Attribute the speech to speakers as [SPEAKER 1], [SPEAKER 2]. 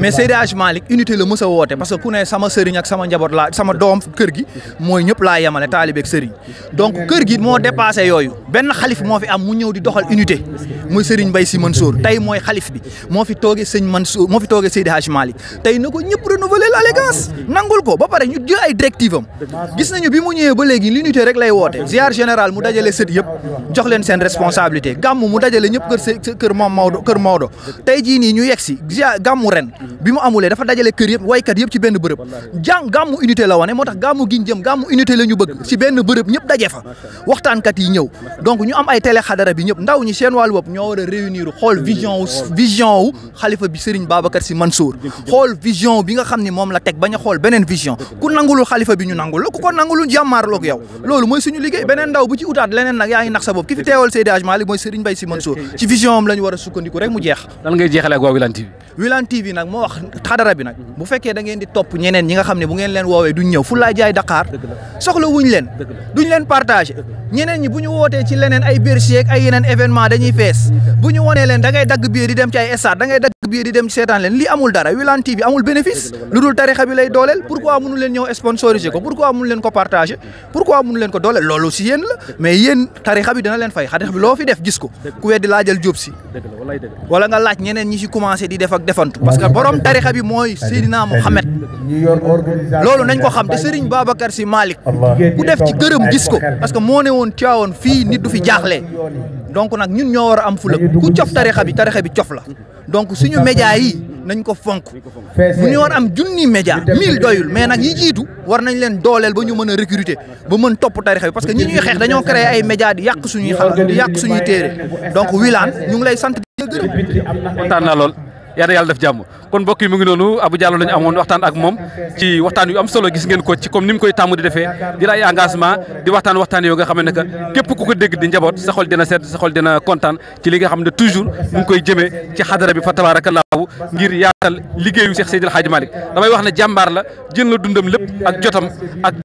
[SPEAKER 1] mais Seydi Hadj Malick unité la mës a woote parce que ku ne sama sëriñ ak sama njaboot laa sama doom kër gi mooy ñëpp laa yemale taalibe sëriñ donc kër gi moo dépassé yooyu benn xalif moo fi am mu ñëw di doxal unité muy sëriñ Mbaye Sy Mansour tey mooy xalif bi moo fi toogee sëñ Mansour moo fi toogee Seydi Hadj tey na ko ñëpp renouveler la sens nangul ko ba pare ñu jël ay directive am gis nañu bi mu ñëwee ba léegi l'unité rek lay woote ziar général mu dajale sët yëpp jox leen seen responsabilité gàmmu mu dajale ñëpp kër sa do moom Maodo kër nii ñu yegg si gàmmu ren bi mu amulee dafa dajale kër yëpp way kat yëpp ci benn bërëb jàng gàmmu unité la wane moo tax gàmmu gi ñu jëm gàmmu unité la ñu bëgg si benn bërëb ñëpp daje fa kat yi ñëw donc ñu am ay télé xadara bi ñëpp ndaw ñi seen wàllu bopp ñoo war a réunir xool vision vision wu xalifa bi Serigne Babacar Sy Mansour xool vision bi nga xam ne la teg nag bañ xool beneen vision ku nangulul xalifa bi ñu nangul la ku ko nangulul jàmmaarloog yow loolu mooy suñu liggéey beneen ndaw bu ci utaat leneen nag yaa ngi nax sa bopp ki fi teewal Seydi Hadji Malick mooy Serigne Mbaye Sy ci vision am la ñu sukkandiku rek mu jeex lan TV nag moo wax xadara bi nag bu fekkee da ngeen di topp ñeneen ñi nga xam ne bu ngeen bu ñu wootee ci leneen ay Bercy ak ay yeneen événement dañuy fees bu ñu wonee leen da dagg bii di dem seetaan leen lii amul dara Wilane TV amul bénéfice lu dul tarixa bi lay dooleel pourquoi mënu leen ñëw sponsoriser ko pourquoi mënu leen ko partager pourquoi mënu leen ko dooleel loolu si yéen la mais yéen tarixa bi dina leen fay xadix bi loo fi def gis ko ku weddi laajal Jóob si wala nga laaj ñeneen ñi si commencé di def ak defantu parce que borom tarixa bi mooy Seydina Mohamed loolu nañ ko xam te Serigne Babacar que moo ne woon Tiwaawoon fii nit du fi donc nag ñun ñoo war a am fula ku cof tarixa bi tarixa bi cof la donc suñu média yi nañ ko fonk bu ñu war am junni média mille doyul mais nag yi jiitu war nañ leen dooleel ba ñu mën a recruter ba mën topp tarixa bi parce que ñi ñuy xeex dañoo créé ay média di yàq suñuy xalaat di yàq suñuy téere donc Wilane ñu ngi lay sant di gërëm kontaan naa
[SPEAKER 2] lool yal na yàlla def jàmm kon mbokk yi mu ngi noonu Abou Diallo la ñu amoon waxtaan ak moom ci waxtaan yu am solo gis ngeen ko ci comme ni mu koy tàmm di defee di la engagement di waxtaan waxtaan yoo nga xam ne que képp ku ko dégg di njaboot sa xol dina sedd sa xol dina kontaan ci li nga xam ne toujours mu ngi koy jëmee ci xadara bi fa tabaarakallaahu ngir yaatal liggéeyu Cheikh Seydil Hadji Malick damay wax ne jàmbaar la jël na dundam lépp ak jotam ak